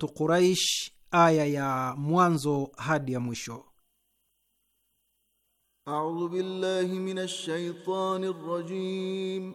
Suratu Quraish, aya ya mwanzo hadi ya mwisho. Audhu billahi minash shaitani rajim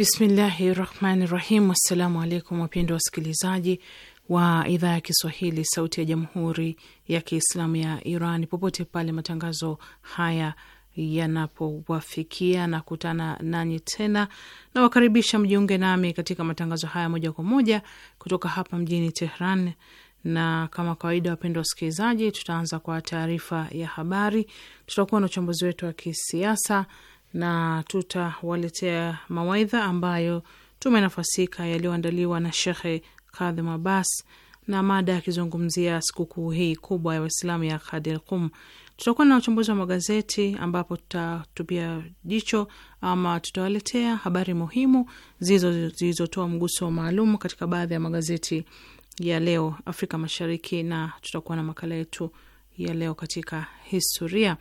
Bismillahi rahmani rahim. Assalamu alaikum wapendwa wasikilizaji wa idhaa ya Kiswahili sauti ya jamhuri ya Kiislamu ya Iran popote pale matangazo haya yanapowafikia na kutana nanyi tena, nawakaribisha mjiunge nami katika matangazo haya moja kwa moja kutoka hapa mjini Tehran. Na kama kawaida, wapendwa wasikilizaji, tutaanza kwa taarifa ya habari, tutakuwa na uchambuzi wetu wa kisiasa na tutawaletea mawaidha ambayo tumenafasika yaliyoandaliwa na Shekhe Kadhim Abbas na mada akizungumzia sikukuu hii kubwa ya Waislamu ya Kadir Kum. Tutakuwa na uchambuzi wa magazeti ambapo tutatupia jicho ama tutawaletea habari muhimu zilizotoa mguso maalum katika baadhi ya magazeti ya leo Afrika Mashariki, na tutakuwa na makala yetu ya leo katika historia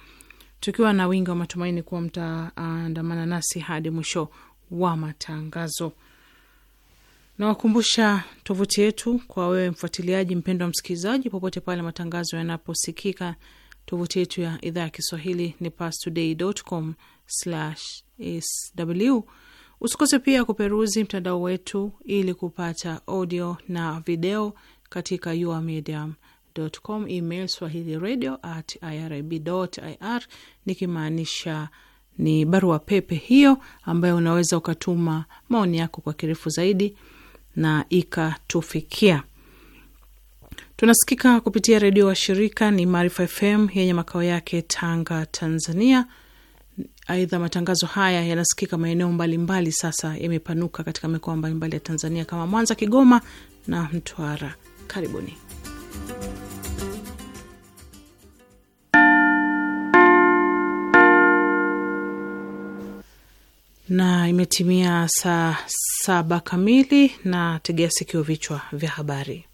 tukiwa na wingi wa matumaini kuwa mtaandamana nasi hadi mwisho wa matangazo. Nawakumbusha tovuti yetu kwa wewe mfuatiliaji mpendwa msikilizaji, popote pale matangazo yanaposikika. Tovuti yetu ya idhaa ya Kiswahili ni pastoday.com sw. Usikose pia kuperuzi mtandao wetu ili kupata audio na video katika medium com, email swahili radio at irib ir, nikimaanisha ni barua pepe hiyo ambayo unaweza ukatuma maoni yako kwa kirefu zaidi na ikatufikia. Tunasikika kupitia redio wa shirika ni Maarifa FM yenye makao yake Tanga, Tanzania. Aidha, matangazo haya yanasikika maeneo mbalimbali, sasa yamepanuka katika mikoa mbalimbali ya Tanzania kama Mwanza, Kigoma na Mtwara. Karibuni na imetimia saa saba kamili, na tegea sikio vichwa vya habari.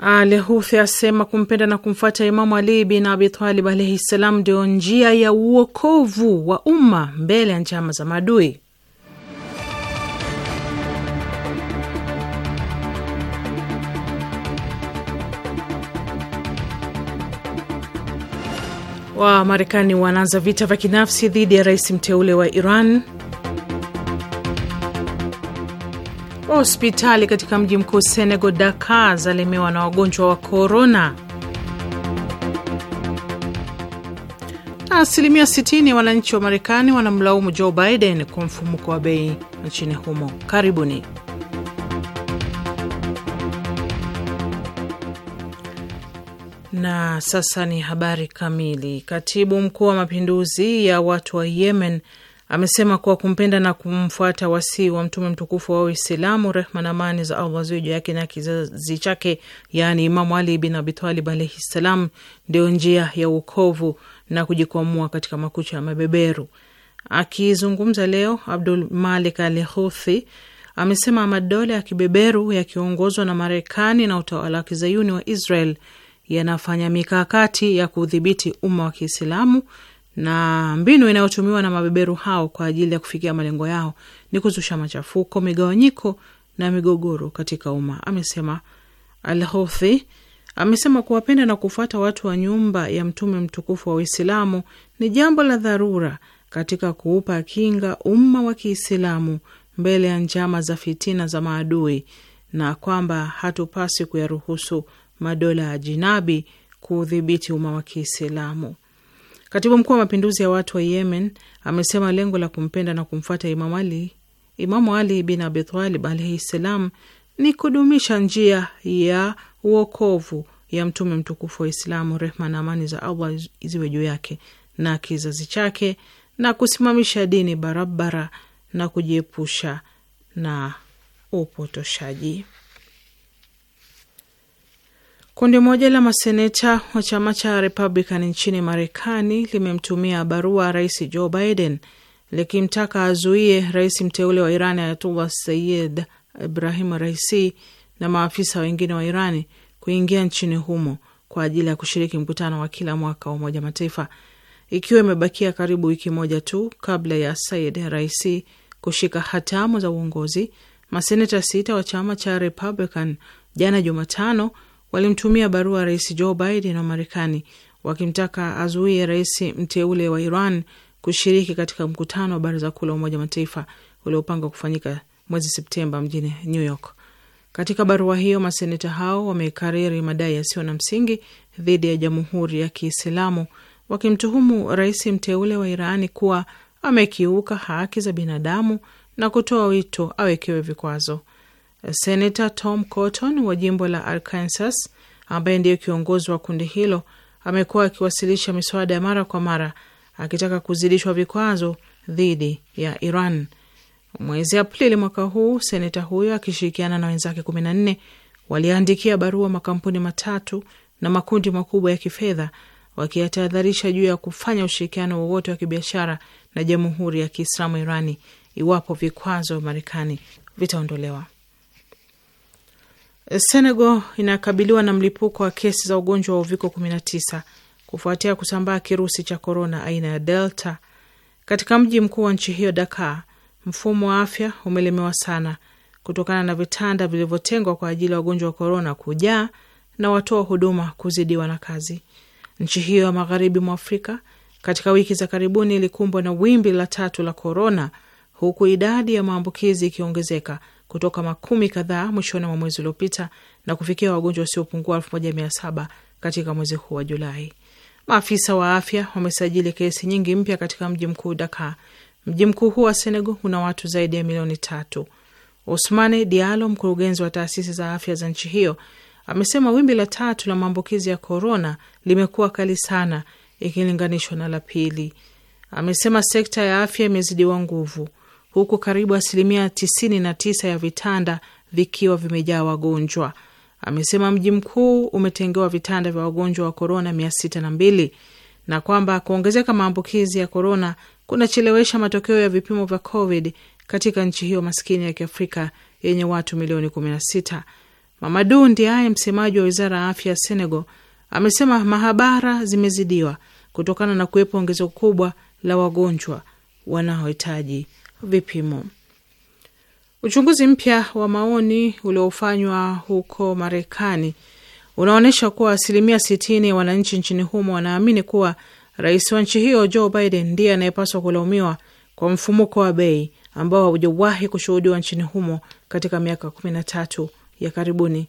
Alhuthi asema kumpenda na kumfuata Imamu Ali bin Abitalib alaihi ssalam ndio njia ya uokovu wa umma mbele ya njama za maadui. Wamarekani wanaanza vita vya kinafsi dhidi ya rais mteule wa Iran. Hospitali katika mji mkuu Senegal, Dakar, zalemewa na wagonjwa wa korona. Na asilimia 60 wananchi wa Marekani wanamlaumu Joe Biden kwa mfumuko wa bei nchini humo. Karibuni. Na sasa ni habari kamili. Katibu mkuu wa mapinduzi ya watu wa Yemen amesema kuwa kumpenda na kumfuata wasii wa mtume mtukufu wa Uislamu, rehma na amani za Allah ziwe juu yake na kizazi chake, yaani Imamu Ali bin Abitalib alaihi ssalam, ndio njia ya uokovu na kujikwamua katika makucha ya mabeberu. Akizungumza leo, Abdul Malik al Huthi amesema madola ya kibeberu yakiongozwa na Marekani na utawala wa kizayuni wa Israel yanafanya mikakati ya kudhibiti umma wa Kiislamu na mbinu inayotumiwa na mabeberu hao kwa ajili ya kufikia malengo yao ni kuzusha machafuko, migawanyiko na migogoro katika umma, amesema Alhothi. Amesema kuwapenda na kufuata watu wa nyumba ya mtume mtukufu wa Uislamu ni jambo la dharura katika kuupa kinga umma wa Kiislamu mbele ya njama za fitina za maadui, na kwamba hatupasi kuyaruhusu madola ya jinabi kuudhibiti umma wa Kiislamu. Katibu mkuu wa mapinduzi ya watu wa Yemen amesema lengo la kumpenda na kumfuata Imamu Ali, Imamu Ali bin Abitalib alaihi ssalam, ni kudumisha njia ya uokovu ya Mtume mtukufu wa Islamu, rehma na amani za Allah ziwe juu yake na kizazi chake, na kusimamisha dini barabara na kujiepusha na upotoshaji. Kundi moja la maseneta wa chama cha Republican nchini Marekani limemtumia barua Rais Joe Biden likimtaka azuie rais mteule wa iran Ayatullah Sayid Ibrahim Raisi na maafisa wengine wa Irani kuingia nchini humo kwa ajili ya kushiriki mkutano wa kila mwaka wa Umoja Mataifa, ikiwa imebakia karibu wiki moja tu kabla ya Sayid Raisi kushika hatamu za uongozi. Maseneta sita wa chama cha Republican jana Jumatano walimtumia barua Rais Joe Biden wa Marekani wakimtaka azuie rais mteule wa Iran kushiriki katika mkutano wa baraza kuu la Umoja wa Mataifa uliopangwa kufanyika mwezi Septemba mjini New York. Katika barua hiyo, maseneta hao wamekariri madai yasiyo na msingi dhidi ya Jamhuri ya Kiislamu, wakimtuhumu rais mteule wa Irani kuwa amekiuka haki za binadamu na kutoa wito awekewe vikwazo. Senata Tom Cotton wa jimbo la Arkansas, ambaye ndiyo kiongozi wa kundi hilo, amekuwa akiwasilisha miswada ya mara kwa mara akitaka kuzidishwa vikwazo dhidi ya Iran. Mwezi Aprili mwaka huu, seneta huyo akishirikiana na wenzake 14 waliandikia barua makampuni matatu na makundi makubwa ya kifedha wakiyatahadharisha juu ya kufanya ushirikiano wowote wa kibiashara na Jamhuri ya Kiislamu Irani iwapo vikwazo vya Marekani vitaondolewa. Senegal inakabiliwa na mlipuko wa kesi za ugonjwa wa uviko 19 kufuatia kusambaa kirusi cha korona aina ya Delta katika mji mkuu wa nchi hiyo Dakar. Mfumo wa afya umelemewa sana kutokana na vitanda vilivyotengwa kwa ajili ya wagonjwa wa korona kujaa na watoa huduma kuzidiwa na kazi. Nchi hiyo ya magharibi mwa Afrika katika wiki za karibuni ilikumbwa na wimbi la tatu la korona, huku idadi ya maambukizi ikiongezeka kutoka makumi kadhaa mwishoni mwa mwezi uliopita na kufikia wagonjwa wasiopungua elfu moja mia saba katika mwezi huu wa Julai. Maafisa wa afya wamesajili kesi nyingi mpya katika mji mkuu Dakar. Mji mkuu huu wa Senegal una watu zaidi ya milioni tatu. osmane Diallo, mkurugenzi wa taasisi za afya za nchi hiyo, amesema wimbi la tatu la maambukizi ya korona limekuwa kali sana ikilinganishwa na la pili. Amesema sekta ya afya imezidiwa nguvu huku karibu asilimia 99 ya vitanda vikiwa vimejaa wagonjwa. Amesema mji mkuu umetengewa vitanda vya wagonjwa wa korona 602 na kwamba kuongezeka maambukizi ya korona kunachelewesha matokeo ya vipimo vya COVID katika nchi hiyo maskini ya kiafrika yenye watu milioni 16. Mamadu Ndiaye, msemaji wa wizara ya afya ya Senegal, amesema mahabara zimezidiwa kutokana na kuwepo ongezeko kubwa la wagonjwa wanaohitaji vipimo. Uchunguzi mpya wa maoni uliofanywa huko Marekani unaonyesha kuwa asilimia sitini ya wananchi nchini humo wanaamini kuwa rais wa nchi hiyo Joe Biden ndiye anayepaswa kulaumiwa kwa mfumuko wa bei ambao haujawahi kushuhudiwa nchini humo katika miaka kumi na tatu ya karibuni.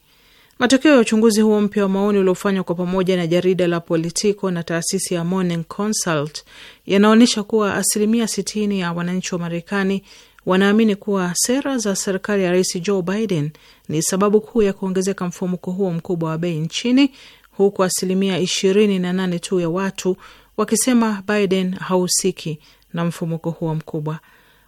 Matokeo ya uchunguzi huo mpya wa maoni uliofanywa kwa pamoja na jarida la Politico na taasisi ya Morning Consult yanaonyesha kuwa asilimia 60 ya wananchi wa Marekani wanaamini kuwa sera za serikali ya Rais Joe Biden ni sababu kuu ya kuongezeka mfumuko huo mkubwa wa bei nchini, huku asilimia 28 tu ya watu wakisema Biden hahusiki na mfumuko huo mkubwa.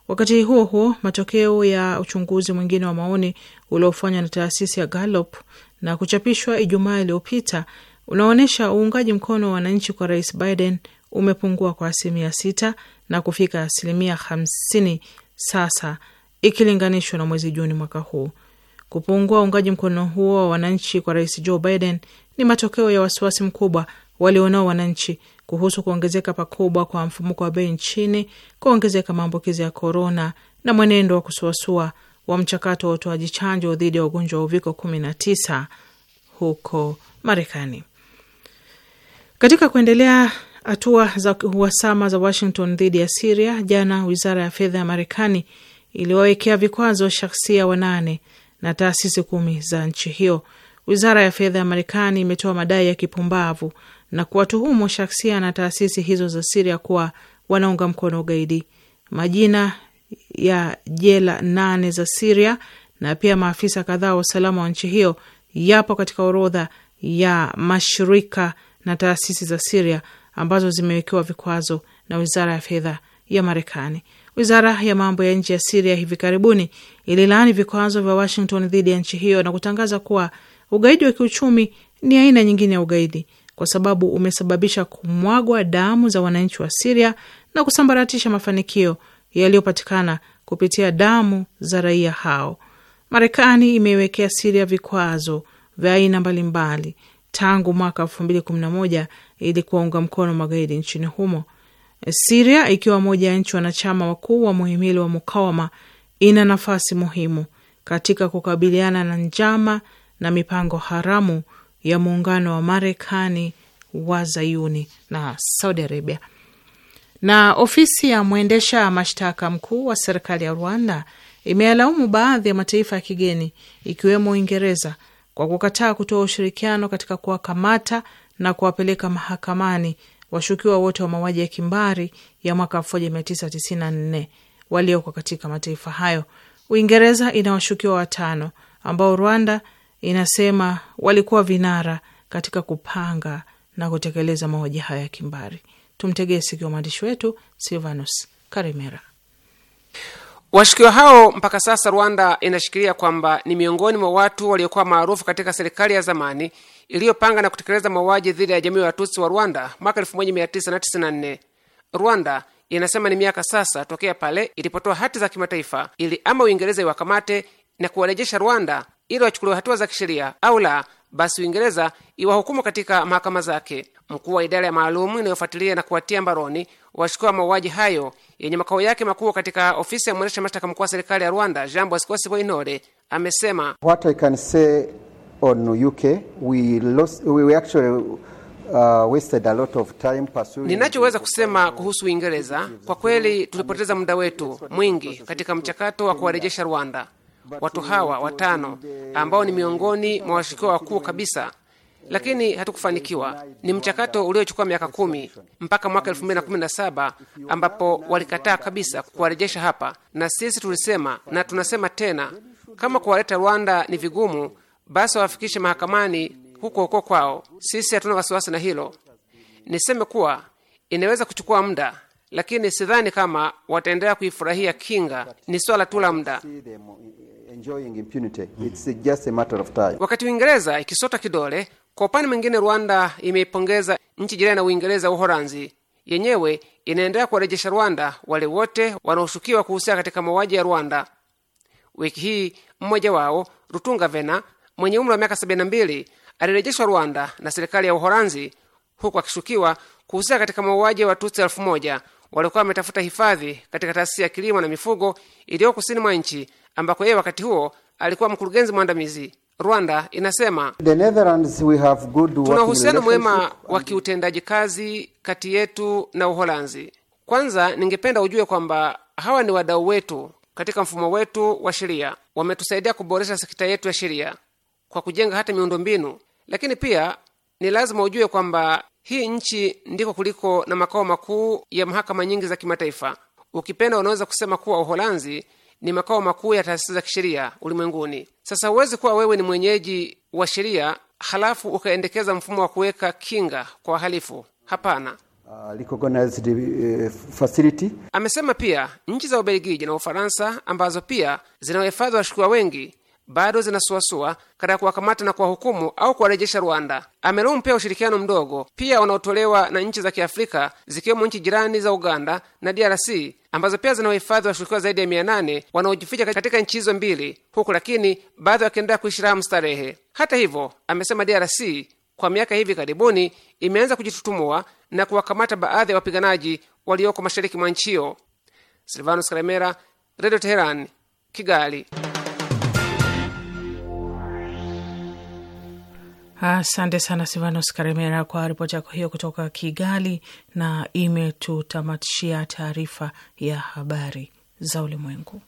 Wakati huo huo, matokeo ya uchunguzi mwingine wa maoni uliofanywa na taasisi ya Gallup na kuchapishwa Ijumaa iliyopita unaonyesha uungaji mkono wa wananchi kwa rais Biden umepungua kwa asilimia sita na kufika asilimia hamsini sasa ikilinganishwa na mwezi Juni mwaka huu. Kupungua uungaji mkono huo wa wananchi kwa rais Joe Biden ni matokeo ya wasiwasi mkubwa walionao wananchi kuhusu kuongezeka pakubwa kwa mfumuko wa bei nchini, kuongezeka maambukizi ya korona na mwenendo wa kusuasua wa mchakato wa utoaji chanjo dhidi ya ugonjwa wa uviko 19 huko Marekani. Katika kuendelea hatua za uhasama za Washington dhidi ya Siria, jana wizara ya fedha ya Marekani iliwawekea vikwazo shahsia wanane na taasisi kumi za nchi hiyo. Wizara ya fedha ya Marekani imetoa madai ya kipumbavu na kuwatuhumu shahsia na taasisi hizo za Siria kuwa wanaunga mkono ugaidi. Majina ya jela nane za Siria na pia maafisa kadhaa wa usalama wa nchi hiyo yapo katika orodha ya mashirika na taasisi za Siria ambazo zimewekewa vikwazo na wizara ya fedha ya Marekani. Wizara ya mambo ya nje ya Siria hivi karibuni ililaani vikwazo vya Washington dhidi ya nchi hiyo na kutangaza kuwa ugaidi wa kiuchumi ni aina nyingine ya ugaidi kwa sababu umesababisha kumwagwa damu za wananchi wa Siria na kusambaratisha mafanikio yaliyopatikana kupitia damu za raia hao. Marekani imeiwekea Siria vikwazo vya aina mbalimbali tangu mwaka elfu mbili kumi na moja ili kuwaunga mkono magaidi nchini humo. Siria ikiwa moja ya nchi wanachama wakuu wa muhimili wa mukawama ina nafasi muhimu katika kukabiliana na njama na mipango haramu ya muungano wa Marekani, wa Zayuni na Saudi Arabia. Na ofisi ya mwendesha mashtaka mkuu wa serikali ya Rwanda imealaumu baadhi ya mataifa ya kigeni ikiwemo Uingereza kwa kukataa kutoa ushirikiano katika kuwakamata na kuwapeleka mahakamani washukiwa wote wa mauaji ya kimbari ya mwaka 1994 walioko katika mataifa hayo. Uingereza ina washukiwa watano ambao Rwanda inasema walikuwa vinara katika kupanga na kutekeleza mauaji hayo ya kimbari. Tumtegee sikio mwandishi wetu Silvanus Karimera. Washukiwa hao mpaka sasa Rwanda inashikilia kwamba ni miongoni mwa watu waliokuwa maarufu katika serikali ya zamani iliyopanga na kutekeleza mauaji dhidi ya jamii ya watusi wa Rwanda mwaka 1994. Rwanda inasema ni miaka sasa tokea pale ilipotoa hati za kimataifa ili ama Uingereza iwakamate na kuwarejesha Rwanda ili wachukuliwe hatua za kisheria au la basi Uingereza iwahukumu katika mahakama zake. Mkuu wa idara ya maalumu inayofuatilia na kuwatia mbaroni washukiwa mauaji hayo yenye makao yake makuu katika ofisi ya mwendesha mashtaka mkuu wa serikali ya Rwanda, Jean Bosco Siboyintore amesema What I can say on UK, we lost, we actually Uh, ninachoweza kusema kuhusu Uingereza, kwa kweli tulipoteza muda wetu mwingi katika mchakato wa kuwarejesha Rwanda watu hawa watano ambao ni miongoni mwa washukiwa wakuu kabisa, lakini hatukufanikiwa. Ni mchakato uliochukua miaka kumi mpaka mwaka elfu mbili na kumi na saba ambapo walikataa kabisa kuwarejesha hapa, na sisi tulisema na tunasema tena, kama kuwaleta Rwanda ni vigumu, basi wawafikishe mahakamani huko huko kwao. Sisi hatuna wasiwasi na hilo. Niseme kuwa inaweza kuchukua muda lakini sidhani kama wataendelea kuifurahia kinga. Ni swala tu la muda enjoying impunity. It's just a matter of time. Wakati Uingereza ikisota kidole, kwa upande mwingine Rwanda imeipongeza nchi jirani na Uingereza wa Uholanzi, yenyewe inaendelea kuwarejesha Rwanda wale wote wanaoshukiwa kuhusika katika mauaji ya Rwanda. Wiki hii mmoja wao Rutunga Vena mwenye umri wa miaka 72 alirejeshwa Rwanda na serikali ya Uholanzi huku akishukiwa kuhusika katika mauaji ya Watutsi elfu moja walikuwa wametafuta hifadhi katika taasisi ya kilimo na mifugo iliyo kusini mwa nchi ambako yeye wakati huo alikuwa mkurugenzi mwandamizi. Rwanda inasema tuna uhusiano mwema wa kiutendaji kazi kati yetu na Uholanzi. Kwanza ningependa ujue kwamba hawa ni wadau wetu katika mfumo wetu wa sheria, wametusaidia kuboresha sekta yetu ya sheria kwa kujenga hata miundombinu, lakini pia ni lazima ujue kwamba hii nchi ndiko kuliko na makao makuu ya mahakama nyingi za kimataifa. Ukipenda unaweza kusema kuwa Uholanzi ni makao makuu ya taasisi za kisheria ulimwenguni. Sasa huwezi kuwa wewe ni mwenyeji wa sheria halafu ukaendekeza mfumo wa kuweka kinga kwa wahalifu. Hapana. Uh, uh amesema pia nchi za Ubelgiji na Ufaransa ambazo pia zinawahifadhi washukiwa wengi bado zinasuasua katika kuwakamata na kuwahukumu au kuwarejesha Rwanda. Amelaumu pia ushirikiano mdogo pia unaotolewa na nchi za Kiafrika zikiwemo nchi jirani za Uganda na DRC ambazo pia zina wahifadhi washukiwa zaidi ya mia nane wanaojificha katika nchi hizo mbili, huku lakini baadhi wakiendelea kuishi raha mstarehe. Hata hivyo, amesema DRC kwa miaka hivi karibuni imeanza kujitutumua na kuwakamata baadhi ya wapiganaji walioko mashariki mwa nchi hiyo. Silvanus Radio Teheran, Kigali. Asante sana Silvanos Karemera kwa ripoti yako hiyo kutoka Kigali, na imetutamatishia taarifa ya habari za ulimwengu.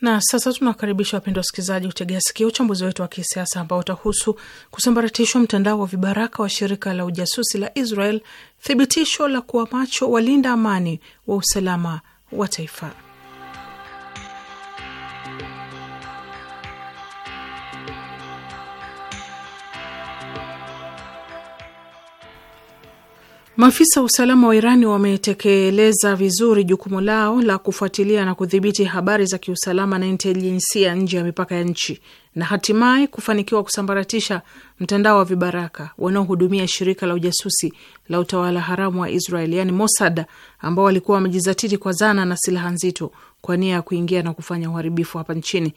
Na sasa tunawakaribisha wapendwa wasikilizaji kutegea sikio uchambuzi wetu wa kisiasa ambao utahusu kusambaratishwa mtandao wa vibaraka wa shirika la ujasusi la Israel, thibitisho la kuwa macho walinda amani wa usalama wa taifa. Maafisa wa usalama wa Irani wametekeleza vizuri jukumu lao la kufuatilia na kudhibiti habari za kiusalama na intelijensia nje ya mipaka ya nchi na hatimaye kufanikiwa kusambaratisha mtandao wa vibaraka wanaohudumia shirika la ujasusi la utawala haramu wa Israel yaani Mossad, ambao walikuwa wamejizatiti kwa zana na silaha nzito kwa nia ya kuingia na kufanya uharibifu hapa nchini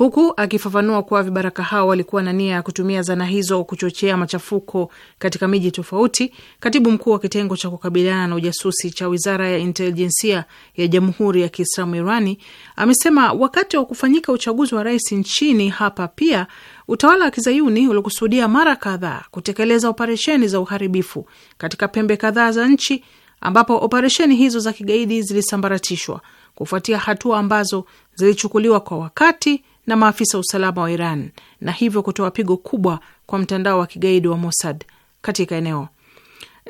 huku akifafanua kuwa vibaraka hao walikuwa na nia ya kutumia zana hizo kuchochea machafuko katika miji tofauti. Katibu mkuu wa kitengo cha kukabiliana na ujasusi cha wizara ya intelijensia ya jamhuri ya Kiislamu Irani amesema wakati wa kufanyika uchaguzi wa rais nchini hapa pia utawala wa kizayuni ulikusudia mara kadhaa kutekeleza operesheni za uharibifu katika pembe kadhaa za nchi, ambapo operesheni hizo za kigaidi zilisambaratishwa kufuatia hatua ambazo zilichukuliwa kwa wakati na maafisa wa usalama wa Iran na hivyo kutoa pigo kubwa kwa mtandao wa kigaidi wa Mossad katika eneo.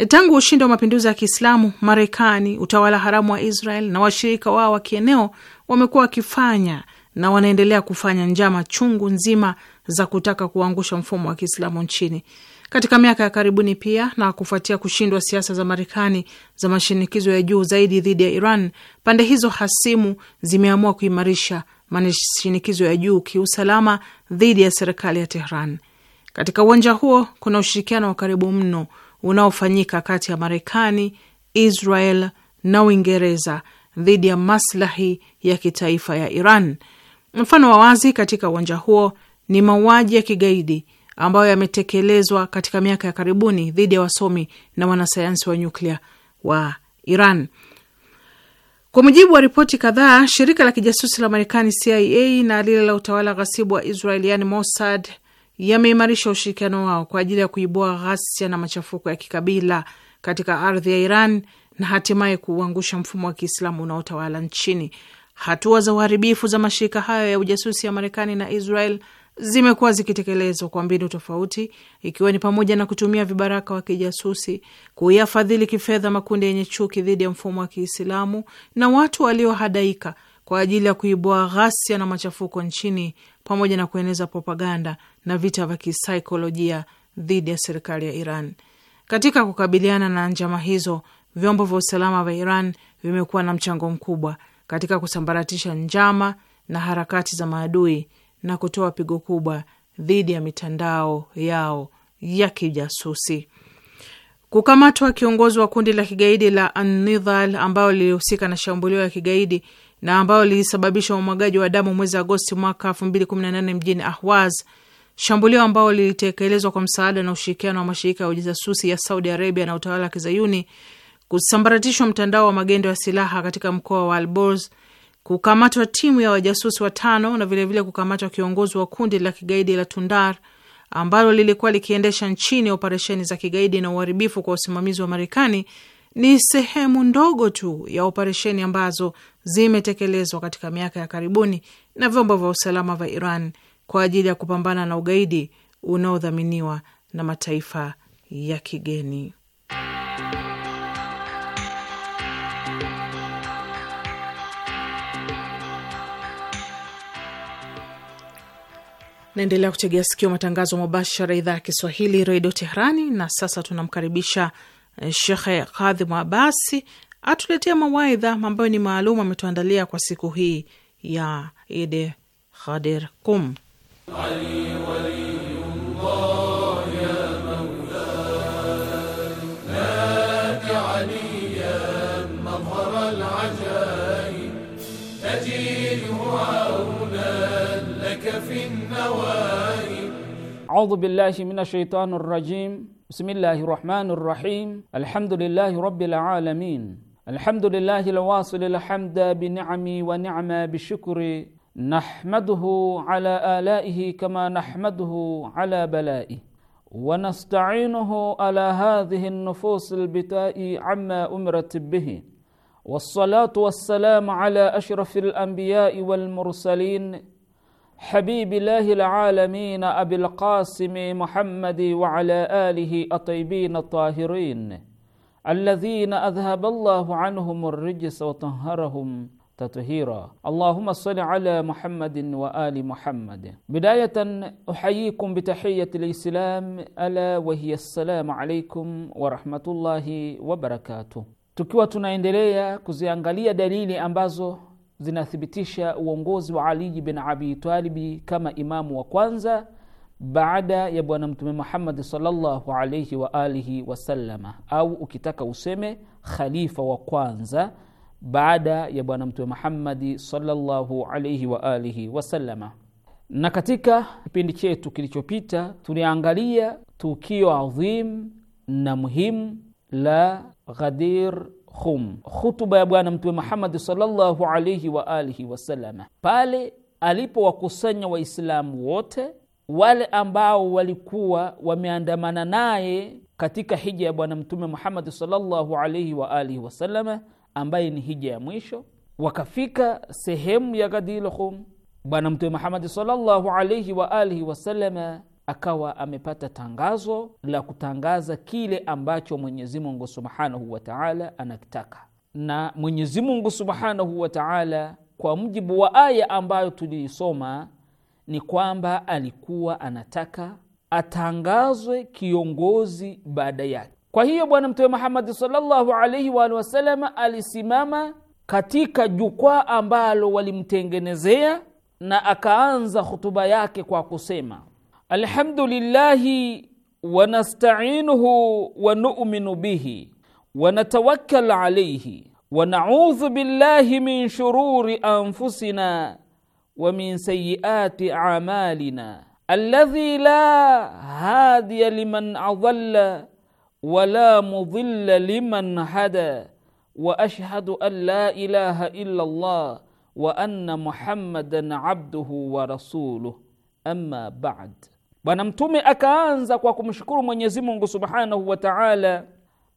Tangu ushindi wa mapinduzi ya Kiislamu, Marekani, utawala haramu wa Israel na washirika wao wa kieneo wamekuwa wakifanya na wanaendelea kufanya njama chungu nzima za kutaka kuangusha mfumo wa Kiislamu nchini katika miaka ya karibuni. Pia na kufuatia kushindwa siasa za Marekani za mashinikizo ya juu zaidi dhidi ya Iran, pande hizo hasimu zimeamua kuimarisha mashinikizo ya juu kiusalama dhidi ya serikali ya Tehran. Katika uwanja huo kuna ushirikiano wa karibu mno unaofanyika kati ya Marekani, Israel na Uingereza dhidi ya maslahi ya kitaifa ya Iran. Mfano wa wazi katika uwanja huo ni mauaji ya kigaidi ambayo yametekelezwa katika miaka ya karibuni dhidi ya wasomi na wanasayansi wa nyuklia wa Iran. Kwa mujibu wa ripoti kadhaa, shirika la kijasusi la Marekani CIA na lile la utawala ghasibu wa Israel yaani Mossad yameimarisha ushirikiano wao kwa ajili ya kuibua ghasia na machafuko ya kikabila katika ardhi ya Iran na hatimaye kuuangusha mfumo wa Kiislamu unaotawala nchini. Hatua za uharibifu za mashirika hayo ya ujasusi ya Marekani na Israel zimekuwa zikitekelezwa kwa mbinu tofauti, ikiwa ni pamoja na kutumia vibaraka wa kijasusi kuyafadhili kifedha makundi yenye chuki dhidi ya mfumo wa Kiislamu na watu waliohadaika kwa ajili ya kuibua ghasia na machafuko nchini, pamoja na kueneza propaganda na vita vya kisaikolojia dhidi ya serikali ya Iran. Katika kukabiliana na njama hizo, vyombo vya usalama vya Iran vimekuwa na mchango mkubwa katika kusambaratisha njama na harakati za maadui na kutoa pigo kubwa dhidi ya mitandao yao ya kijasusi. Kukamatwa kiongozi wa kundi la kigaidi la anidhal ambayo lilihusika na shambulio la kigaidi na ambayo lilisababisha umwagaji wa damu mwezi Agosti mwaka 2018 mjini Ahwaz, shambulio ambalo lilitekelezwa kwa msaada na ushirikiano wa mashirika ya ujasusi ya Saudi Arabia na utawala wa Kizayuni, kusambaratishwa mtandao wa magendo ya silaha katika mkoa wa Alborz kukamatwa timu ya wajasusi watano na vilevile kukamatwa kiongozi wa kundi la kigaidi la Tundar ambalo lilikuwa likiendesha nchini operesheni za kigaidi na uharibifu kwa usimamizi wa Marekani ni sehemu ndogo tu ya operesheni ambazo zimetekelezwa katika miaka ya karibuni na vyombo vya usalama vya Iran kwa ajili ya kupambana na ugaidi unaodhaminiwa na mataifa ya kigeni. Naendelea kutegea sikio matangazo mubashara idhaa ya Kiswahili redio Teherani. Na sasa tunamkaribisha eh, Shekhe Kadhimu Abasi atuletea mawaidha ambayo ni maalum ametuandalia kwa siku hii ya Idi Khadir Kum. Ali, Ali. أعوذ بالله من الشيطان الرجيم بسم الله الرحمن الرحيم الحمد لله رب العالمين الحمد لله الواصل الحمد بنعمي ونعمة بشكر نحمده على آلائه كما نحمده على بلائه ونستعينه على هذه النفوس البتاء عما أمرت به والصلاة والسلام على أشرف الأنبياء والمرسلين حبيب الله العالمين أبي القاسم محمد وعلى آله الطيبين الطاهرين الذين أذهب الله عنهم الرجس وطهرهم تطهيرا اللهم صل على محمد وآل محمد بداية أحييكم بتحية الإسلام ألا وهي السلام عليكم ورحمة الله وبركاته tukiwa tunaendelea kuziangalia dalili ambazo zinathibitisha uongozi wa Aliji bin Abi Talibi kama imamu wa kwanza baada ya Bwana Mtume Muhammadi sallallahu alaihi wa alihi wasallama, au ukitaka useme khalifa wa kwanza baada ya Bwana Mtume Muhammadi sallallahu alaihi wa alihi wasallama. Na katika kipindi chetu kilichopita tuliangalia tukio adhim na muhimu la Ghadir hum, hutuba ya Bwana Mtume Muhammadi sallallahu alaihi wa alihi wasalama, pale alipowakusanya Waislamu wote wale ambao walikuwa wameandamana naye katika hija ya Bwana Mtume Muhammadi sallallahu alaihi wa alihi wasalama, ambaye ni hija ya mwisho. Wakafika sehemu ya Ghadil Hum, Bwana Mtume Muhammadi sallallahu alaihi wa alihi wasalama akawa amepata tangazo la kutangaza kile ambacho Mwenyezi Mungu subhanahu wa taala anakitaka, na Mwenyezi Mungu subhanahu wa taala kwa mujibu wa aya ambayo tuliisoma ni kwamba alikuwa anataka atangazwe kiongozi baada yake. Kwa hiyo Bwana Mtume Muhammadi sallallahu alaihi waalihi wasalama alisimama katika jukwaa ambalo walimtengenezea na akaanza hutuba yake kwa kusema الحمد لله ونستعينه ونؤمن به ونتوكل عليه ونعوذ بالله من شرور انفسنا ومن سيئات اعمالنا الذي لا هادي لمن اضل ولا مضل لمن هدى واشهد ان لا اله الا الله وان محمدا عبده ورسوله اما بعد Bwana Mtume akaanza kwa kumshukuru Mwenyezi Mungu subhanahu wa taala,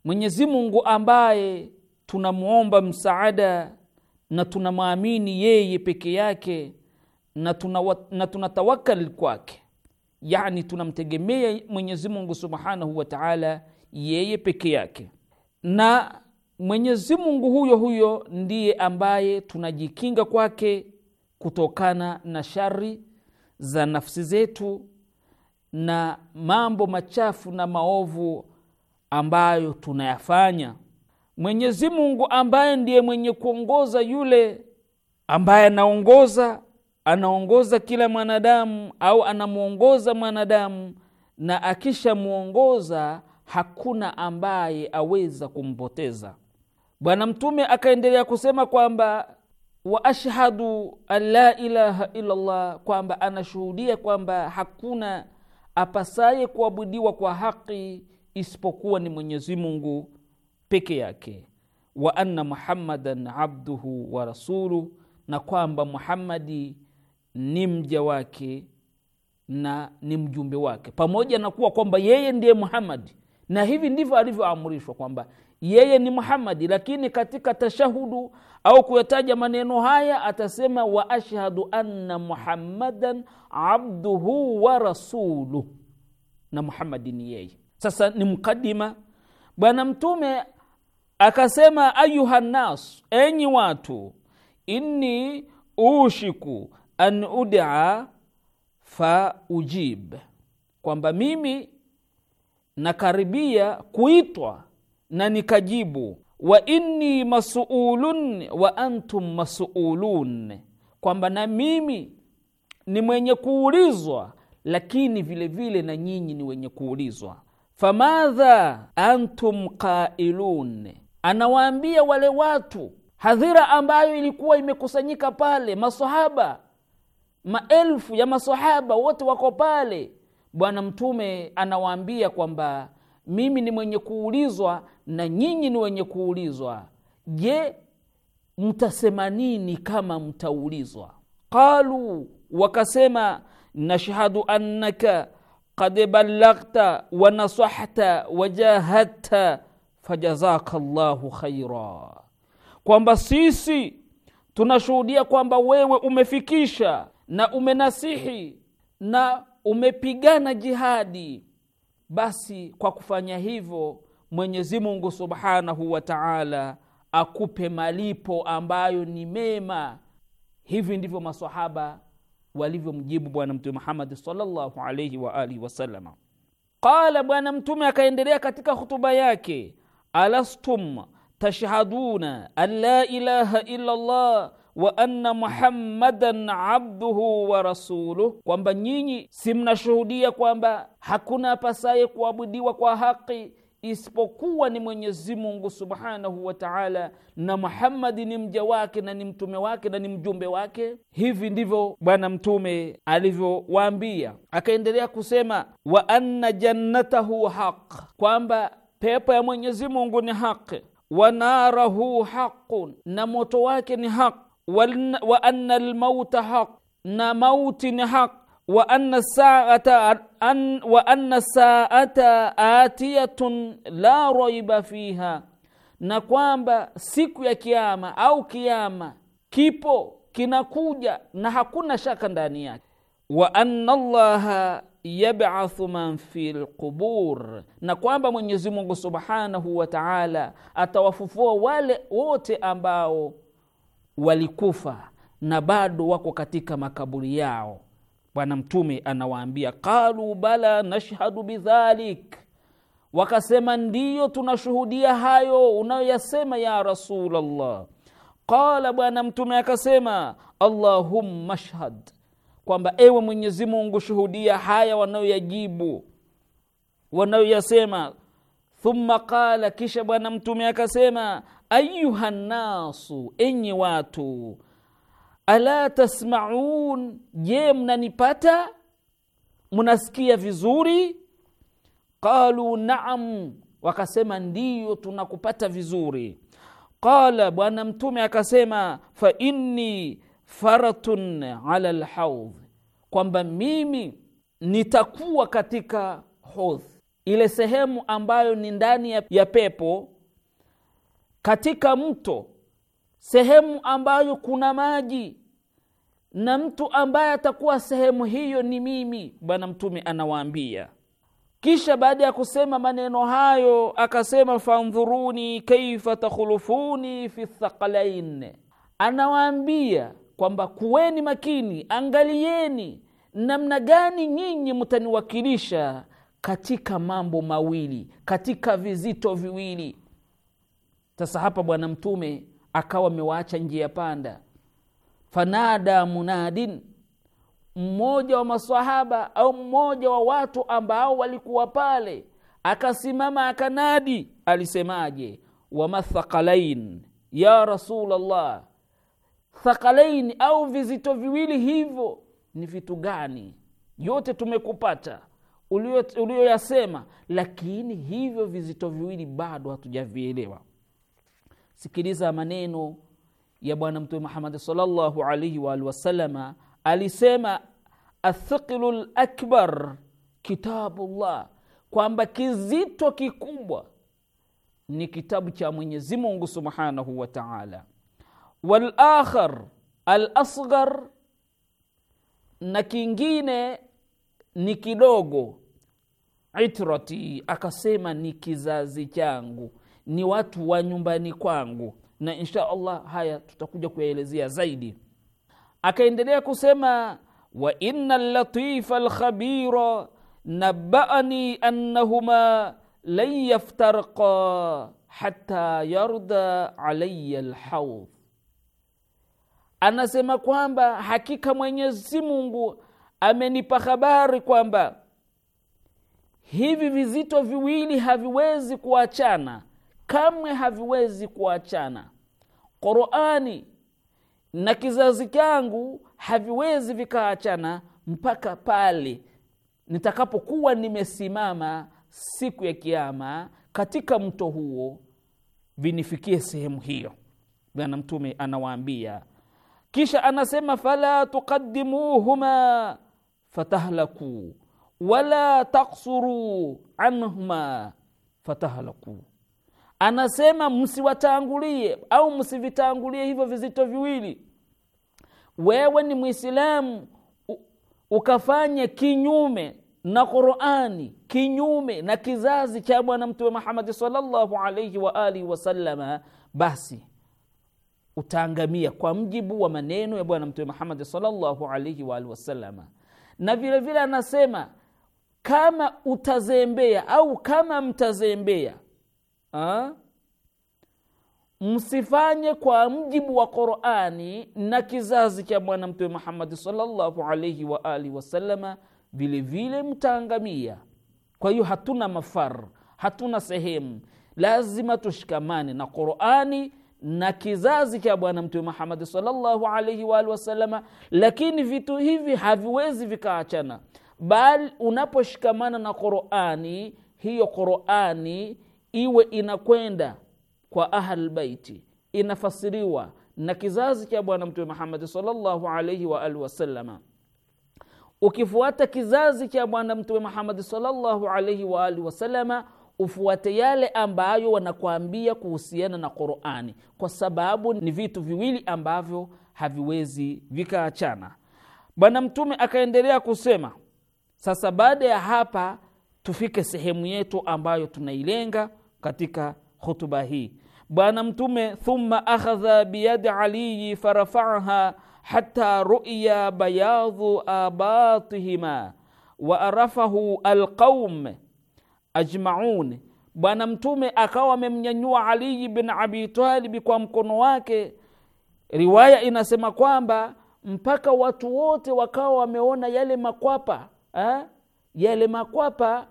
Mwenyezi Mungu ambaye tunamwomba msaada na tunamwamini yeye peke yake na, tuna, na tunatawakal kwake, yani tunamtegemea Mwenyezi Mungu subhanahu wa taala yeye peke yake, na Mwenyezi Mungu huyo huyo ndiye ambaye tunajikinga kwake kutokana na shari za nafsi zetu na mambo machafu na maovu ambayo tunayafanya. Mwenyezi Mungu ambaye ndiye mwenye kuongoza yule ambaye anaongoza anaongoza kila mwanadamu au anamwongoza mwanadamu, na akishamwongoza hakuna ambaye aweza kumpoteza. Bwana Mtume akaendelea kusema kwamba wa ashhadu an la ilaha illallah, kwamba anashuhudia kwamba hakuna apasaye kuabudiwa kwa haki isipokuwa ni Mwenyezi Mungu peke yake, wa anna Muhammadan abduhu wa rasulu na kwamba Muhammadi ni mja wake na ni mjumbe wake, pamoja na kuwa kwamba yeye ndiye Muhammadi na hivi ndivyo alivyoamrishwa kwamba yeye ni Muhammadi, lakini katika tashahudu au kuyataja maneno haya atasema wa ashhadu anna muhammadan abduhu wa rasuluh, na Muhammadi ni yeye. Sasa ni mkadima. Bwana Mtume akasema ayuha nnas, enyi watu, inni ushiku an udia fa ujib, kwamba mimi nakaribia kuitwa na nikajibu wa inni masuulun wa antum masuulun, kwamba na mimi ni mwenye kuulizwa, lakini vilevile vile na nyinyi ni wenye kuulizwa. Famadha antum qailun, anawaambia wale watu, hadhira ambayo ilikuwa imekusanyika pale, masahaba maelfu ya masahaba wote wako pale. Bwana Mtume anawaambia kwamba mimi ni mwenye kuulizwa na nyinyi ni wenye kuulizwa. Je, mtasema nini kama mtaulizwa? Qalu, wakasema nashhadu annaka qad ballaghta wa nasahta wa jahadta fajazaka llahu khaira, kwamba sisi tunashuhudia kwamba wewe umefikisha na umenasihi na umepigana jihadi basi kwa kufanya hivyo mwenyezi mungu subhanahu wa taala akupe malipo ambayo ni mema hivi ndivyo masahaba walivyomjibu bwana mtume Muhammadi salllahu alaihi alihi wasalama qala bwana mtume akaendelea katika hutuba yake alastum tashhaduna an la ilaha illa llah wa anna muhammadan abduhu wa rasuluh, kwamba nyinyi si mnashuhudia kwamba hakuna apasaye kuabudiwa kwa haki isipokuwa ni Mwenyezi Mungu subhanahu wa taala, na Muhammadi ni mja wake na ni mtume wake na ni mjumbe wake. Hivi ndivyo Bwana Mtume alivyowaambia. Akaendelea kusema wa anna jannatahu haq, kwamba pepo ya Mwenyezi Mungu ni haqi wa narahu haqun, na moto wake ni haq wa anna almauta haq na mauti ni haq wa anna saata an, wa anna saata atiyatun la raiba fiha na kwamba siku ya kiama au kiama kipo kinakuja na hakuna shaka ndani yake wa anna allaha yabathu man fi lqubur, na kwamba Mwenyezi Mungu subhanahu wa taala atawafufua wale wote ambao walikufa na bado wako katika makaburi yao bwana mtume anawaambia qalu bala nashhadu bidhalik wakasema ndiyo tunashuhudia hayo unayoyasema ya rasulllah qala bwana mtume akasema allahumma shhad kwamba ewe mwenyezi mungu shuhudia haya wanayoyajibu wanayoyasema thumma qala kisha bwana mtume akasema ayuha nnasu, enyi watu, ala tasmaun, je, mnanipata? Mnasikia vizuri? Qalu naam, wakasema ndiyo, tunakupata vizuri. Qala, Bwana Mtume akasema fa inni faratun ala lhaudh, kwamba mimi nitakuwa katika hodh, ile sehemu ambayo ni ndani ya pepo katika mto sehemu ambayo kuna maji na mtu ambaye atakuwa sehemu hiyo ni mimi bwana mtume anawaambia kisha baada ya kusema maneno hayo akasema fandhuruni kaifa takhulufuni fi thaqalain anawaambia kwamba kuweni makini angalieni namna gani nyinyi mtaniwakilisha katika mambo mawili katika vizito viwili sasa hapa bwana mtume akawa amewaacha njia panda fanada munadin mmoja wa masahaba au mmoja wa watu ambao walikuwa pale akasimama akanadi alisemaje wamathakalain ya rasulllah thakalain au vizito viwili hivyo ni vitu gani yote tumekupata ulioyasema lakini hivyo vizito viwili bado hatujavielewa sikiliza maneno ya bwana mtume muhamadi salllahu alaihi waalihi wasalama alisema athiqlu lakbar kitabullah kwamba kizito kikubwa ni kitabu cha mwenyezi mungu subhanahu wa taala walakhar alasghar na kingine ni kidogo itrati akasema ni kizazi changu ni watu wa nyumbani kwangu na insha allah haya tutakuja kuyaelezea zaidi akaendelea kusema wa ina latifa lkhabira nabaani annahuma lan yaftarqa hata yarda alaya lhaudh anasema kwamba hakika mwenyezi mungu amenipa habari kwamba hivi vizito viwili haviwezi kuachana kamwe haviwezi kuachana qurani na kizazi changu haviwezi vikaachana mpaka pale nitakapokuwa nimesimama siku ya kiama katika mto huo vinifikie sehemu hiyo bwana mtume anawaambia kisha anasema fala tuqadimuhuma fatahlakuu wala taksuruu anhuma fatahlakuu anasema msiwatangulie au msivitangulie hivyo vizito viwili. Wewe ni Mwislamu ukafanye kinyume na Qurani, kinyume na kizazi cha Bwana Mtume Muhamadi sallallahu alaihi wa alihi wasallama, basi utaangamia kwa mjibu wa maneno ya Bwana Mtume Muhamadi sallallahu alaihi wa alihi wasallama. Na vilevile vile anasema kama utazembea au kama mtazembea Ah? msifanye kwa mjibu wa Qurani na kizazi cha Bwana Mtume Muhammadi sallallahu alaihi wa alihi wasalama, vilevile mtaangamia. Kwa hiyo hatuna mafar, hatuna sehemu, lazima tushikamane na Qurani na kizazi cha Bwana Mtume Muhammadi sallallahu alaihi wa alihi wasalama. Lakini vitu hivi haviwezi vikaachana, bali unaposhikamana na Qurani, hiyo Qurani iwe inakwenda kwa baiti inafasiriwa na kizazi cha bwana mtume Muhammad sallallahu alayhi wa alihi wasallama ukifuata kizazi cha bwana mtume Muhammad sallallahu alayhi wa alihi wasallama ufuate yale ambayo wanakuambia kuhusiana na Qurani, kwa sababu ni vitu viwili ambavyo haviwezi vikaachana. Bwana mtume akaendelea kusema, sasa baada ya hapa tufike sehemu yetu ambayo tunailenga katika hutuba hii Bwana Mtume, thumma akhadha biyadi aliyi farafaaha hata ruiya bayadhu abatihima wa arafahu alqaum ajmaun. Bwana Mtume akawa amemnyanyua Aliyi bin Abi Talibi kwa mkono wake. Riwaya inasema kwamba mpaka watu wote wakawa wameona yale makwapa ha? Eh, yale makwapa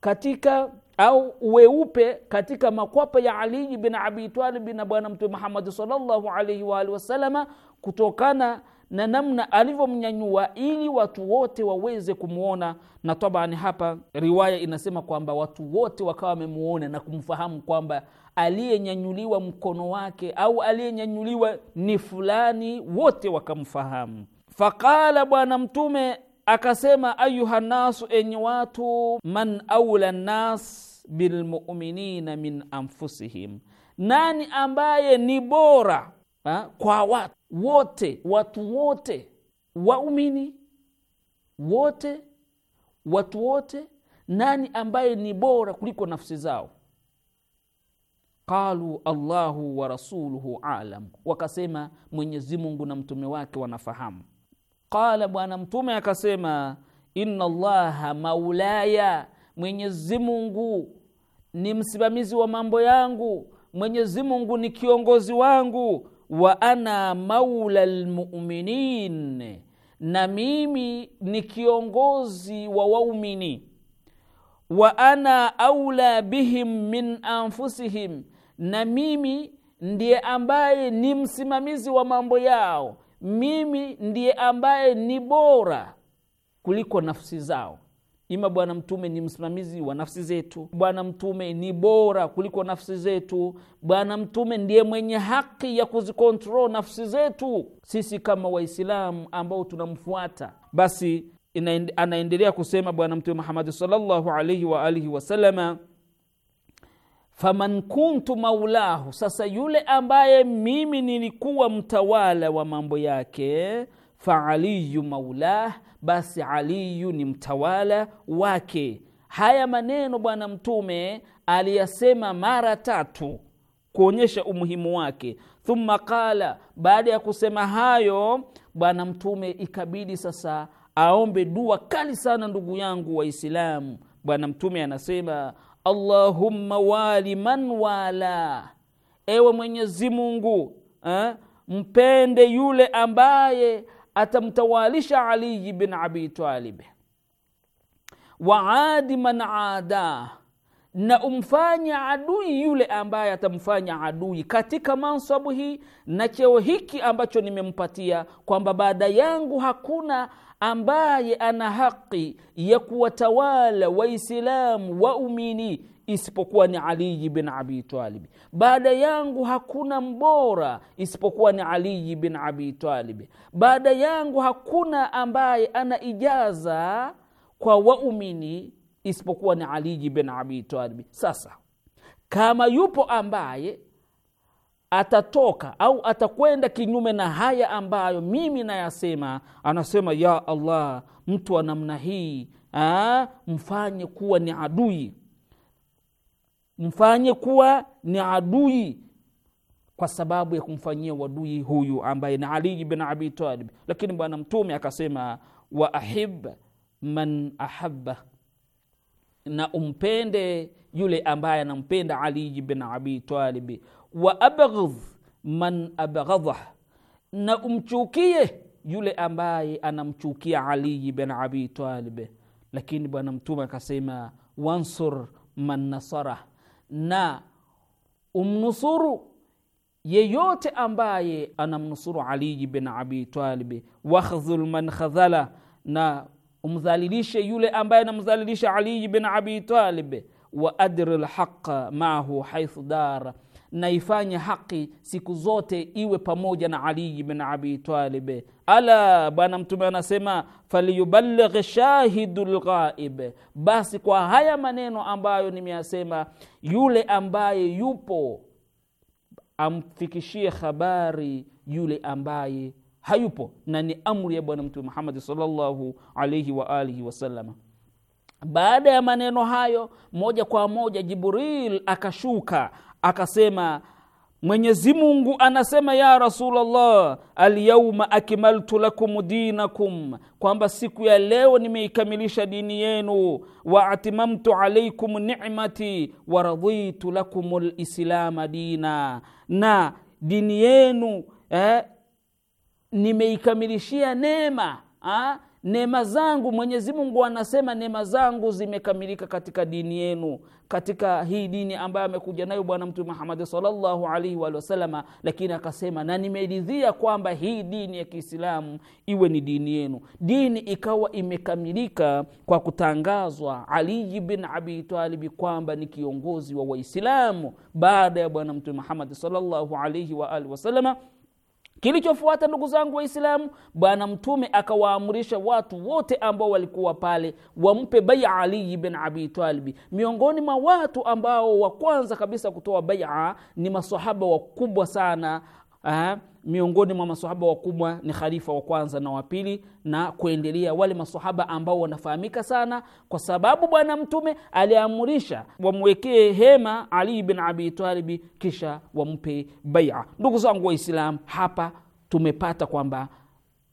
katika au weupe katika makwapa ya alii bin abi na bwana mtume muhammadi sallallahu alaihi alihi wasalama kutokana na namna alivyomnyanyua ili watu wote waweze kumwona na tabani hapa riwaya inasema kwamba watu wote wakawa wamemuona na kumfahamu kwamba aliyenyanyuliwa mkono wake au aliyenyanyuliwa ni fulani wote wakamfahamu faqala bwana mtume akasema ayuha nasu, enyi watu, man aula nas bilmuminina min anfusihim, nani ambaye ni bora ha, kwa watu wote, watu wote, waumini wote, watu wote, nani ambaye ni bora kuliko nafsi zao? Qalu Allahu wa rasuluhu alam, wakasema Mwenyezi Mungu na mtume wake wanafahamu qala, Bwana Mtume akasema inna llaha maulaya, Mwenyezi Mungu ni msimamizi wa mambo yangu, Mwenyezi Mungu ni kiongozi wangu, wa ana maula lmuminin, na mimi ni kiongozi wa waumini, wa ana aula bihim min anfusihim, na mimi ndiye ambaye ni msimamizi wa mambo yao mimi ndiye ambaye ni bora kuliko nafsi zao ima bwana mtume ni msimamizi wa nafsi zetu bwana mtume ni bora kuliko nafsi zetu bwana mtume ndiye mwenye haki ya kuzikontrol nafsi zetu sisi kama waislamu ambao tunamfuata basi anaendelea kusema bwana mtume muhamadi salllahu alaihi alihi wasalama faman kuntu maulahu, sasa yule ambaye mimi nilikuwa mtawala wa mambo yake, fa aliyu maulah, basi Aliyu ni mtawala wake. Haya maneno Bwana Mtume aliyasema mara tatu kuonyesha umuhimu wake. Thumma qala, baada ya kusema hayo Bwana Mtume ikabidi sasa aombe dua kali sana, ndugu yangu Waislamu. Bwana Mtume anasema allahumma wali man wala ewe mwenyezi mungu eh, mpende yule ambaye atamtawalisha aliyi bin abi talib waadi man aada na umfanye adui yule ambaye atamfanya adui katika mansabu hii na cheo hiki ambacho nimempatia kwamba baada yangu hakuna ambaye ana haki ya kuwatawala waislamu waumini isipokuwa ni aliyi bin abi talibi baada yangu hakuna mbora isipokuwa ni aliyi bin abi talibi baada yangu hakuna ambaye ana ijaza kwa waumini isipokuwa ni aliyi bin abi sasa kama yupo ambaye atatoka au atakwenda kinyume na haya ambayo mimi nayasema. Anasema, ya Allah, mtu wa namna hii aa, ah, mfanye kuwa ni adui, mfanye kuwa ni adui kwa sababu ya kumfanyia wadui huyu ambaye ni Ali bin Abi Talib. Lakini Bwana Mtume akasema, wa ahib man ahaba, na umpende yule ambaye anampenda Ali bin Abi wa abghidh man abghadhah, na umchukie yule ambaye anamchukia Ali bin Abi Talib. Lakini Bwana Mtume akasema wansur man nasara, na umnusuru yeyote ambaye anamnusuru Ali bin Abi Talib. Wakhdhul man khadhala, na umdhalilishe yule ambaye anamdhalilisha Ali bin Abi Talib. Wa adri lhaqa maahu haithu dara naifanye haki siku zote iwe pamoja na Ali bin Abi Talib. Ala, Bwana Mtume anasema falyuballigh shahidu lghaib, basi kwa haya maneno ambayo nimeyasema, yule ambaye yupo amfikishie habari yule ambaye hayupo, na ni amri ya Bwana Mtume Muhammadi sallallahu alaihi wa alihi wasalama. Baada ya maneno hayo, moja kwa moja Jibril akashuka akasema Mwenyezi Mungu anasema ya Rasulullah, alyauma akmaltu lakum dinakum, kwamba siku ya leo nimeikamilisha dini yenu, wa atimamtu alaikum ni'mati wa raditu lakum lislama dina, na dini yenu eh, nimeikamilishia neema ah? neema zangu mwenyezi mungu anasema neema zangu zimekamilika katika dini yenu katika hii dini ambayo amekuja nayo bwana mtume muhamadi salllahu alaihi waalihi wasalama lakini akasema na nimeridhia kwamba hii dini ya kiislamu iwe ni dini yenu dini ikawa imekamilika kwa kutangazwa aliyi bin abitalibi kwamba ni kiongozi wa waislamu baada ya bwana mtume muhamadi salllahu alaihi waalihi wasalama wa kilichofuata ndugu zangu waislamu bwana mtume akawaamrisha watu wote ambao walikuwa pale wampe baia aliyi bin abitalibi miongoni mwa watu ambao wa kwanza kabisa kutoa baia ni masahaba wakubwa sana Aha eh, miongoni mwa masohaba wakubwa ni khalifa wa kwanza na wapili na kuendelea wale masohaba ambao wanafahamika sana kwa sababu bwana mtume aliamurisha wamwekee hema ali bin abi talibi kisha wampe baia ndugu zangu waislam hapa tumepata kwamba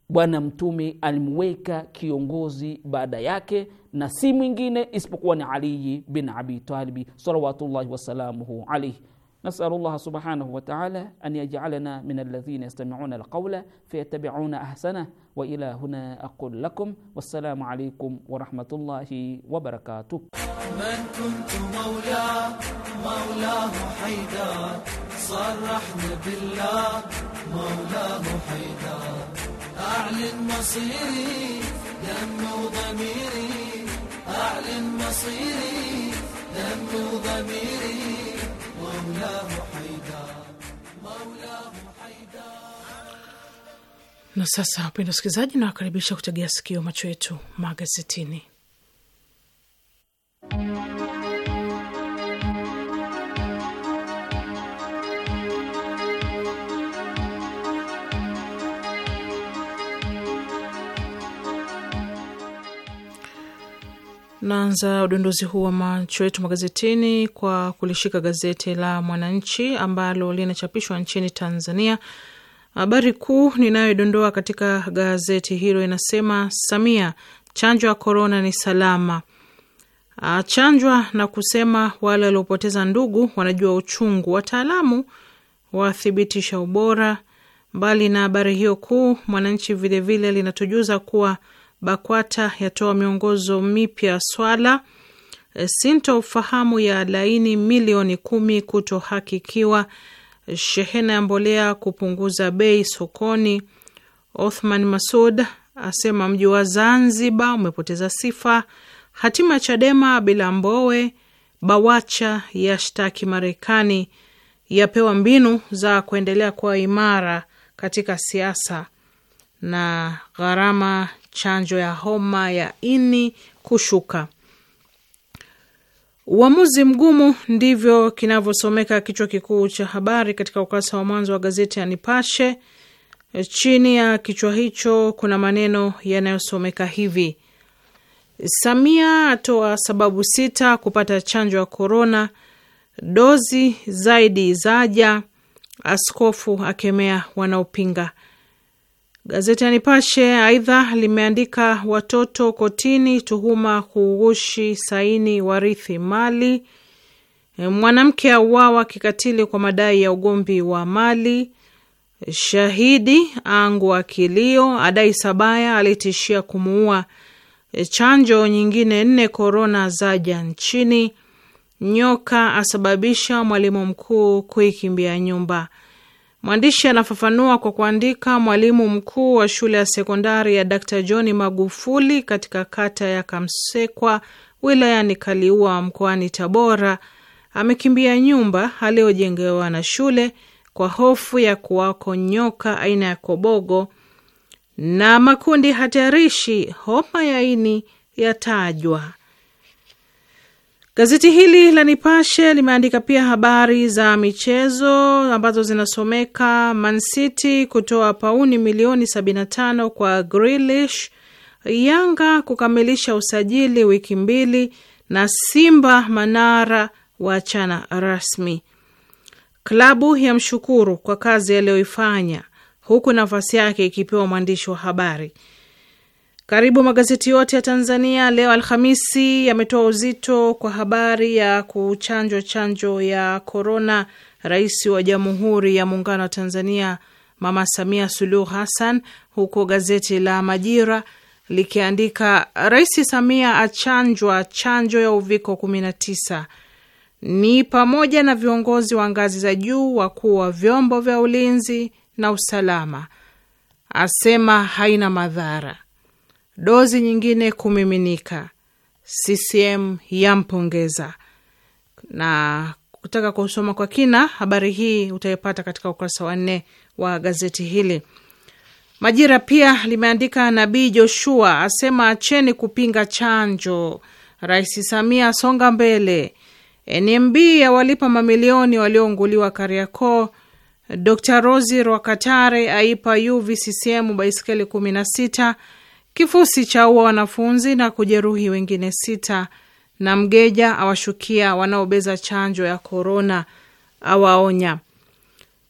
bwana mtume alimweka kiongozi baada yake na si mwingine isipokuwa ni aliyi bin abi talibi salawatullahi wasalamuhu alaihi نسأل الله سبحانه وتعالى أن يجعلنا من الذين يستمعون القول فيتبعون أحسنه وإلى هنا أقول لكم والسلام عليكم ورحمة الله وبركاته من كنت مولاه مولاه حيدار صرحنا بالله مولاه حيدار أعلن مصيري دم ضميري أعلن مصيري دم ضميري Na sasa, wapenda wasikilizaji, nawakaribisha kutegea sikio macho yetu magazetini Naanza udondozi huu wa macho yetu magazetini kwa kulishika gazeti la Mwananchi ambalo linachapishwa nchini Tanzania. Habari kuu ninayodondoa katika gazeti hilo inasema Samia, chanjo ya korona ni salama. Achanjwa ah, na kusema wale waliopoteza ndugu wanajua uchungu, wataalamu wathibitisha ubora. Mbali na habari hiyo kuu, Mwananchi vilevile linatujuza kuwa BAKWATA yatoa miongozo mipya swala. Eh, Sinto ufahamu ya laini milioni kumi kutohakikiwa. Shehena ya mbolea kupunguza bei sokoni. Othman Masud asema mji wa Zanzibar umepoteza sifa. Hatima ya Chadema bila Mbowe. Bawacha yashtaki Marekani, yapewa mbinu za kuendelea kuwa imara katika siasa. Na gharama chanjo ya homa ya ini kushuka. Uamuzi mgumu, ndivyo kinavyosomeka kichwa kikuu cha habari katika ukurasa wa mwanzo wa gazeti ya Nipashe. Chini ya kichwa hicho kuna maneno yanayosomeka hivi: Samia atoa sababu sita kupata chanjo ya korona, dozi zaidi zaja, askofu akemea wanaopinga Gazeti ya Nipashe aidha limeandika watoto kotini tuhuma kuugushi saini warithi mali. E, mwanamke auawa kikatili kwa madai ya ugomvi wa mali. Shahidi angua kilio adai Sabaya alitishia kumuua. E, chanjo nyingine nne korona zaja nchini. Nyoka asababisha mwalimu mkuu kuikimbia nyumba. Mwandishi anafafanua kwa kuandika, mwalimu mkuu wa shule ya sekondari ya Dkt. John Magufuli katika kata ya Kamsekwa wilayani Kaliua mkoani Tabora amekimbia nyumba aliyojengewa na shule kwa hofu ya kuwako nyoka aina ya kobogo na makundi hatarishi homa ya ini yatajwa Gazeti hili la Nipashe limeandika pia habari za michezo ambazo zinasomeka: Man City kutoa pauni milioni 75 kwa Grealish, Yanga kukamilisha usajili wiki mbili, na Simba Manara waachana rasmi. Klabu ya mshukuru kwa kazi aliyoifanya, huku nafasi yake ikipewa mwandishi wa habari. Karibu magazeti yote ya Tanzania leo Alhamisi yametoa uzito kwa habari ya kuchanjwa chanjo ya korona rais wa Jamhuri ya Muungano wa Tanzania Mama Samia Suluhu Hassan, huku gazeti la Majira likiandika Rais Samia achanjwa chanjo ya uviko 19 ni pamoja na viongozi wa ngazi za juu, wakuu wa vyombo vya ulinzi na usalama, asema haina madhara dozi nyingine kumiminika. CCM yampongeza. Na kutaka kusoma kwa kina habari hii utaipata katika ukurasa wa nne wa gazeti hili. Majira pia limeandika Nabii Joshua asema acheni kupinga chanjo, Rais Samia songa mbele, NMB yawalipa mamilioni waliounguliwa Kariakoo, Dr Rosi Rwakatare aipa UVCCM baiskeli kumi na sita Kifusi cha ua wanafunzi na kujeruhi wengine sita, na mgeja awashukia wanaobeza chanjo ya korona awaonya.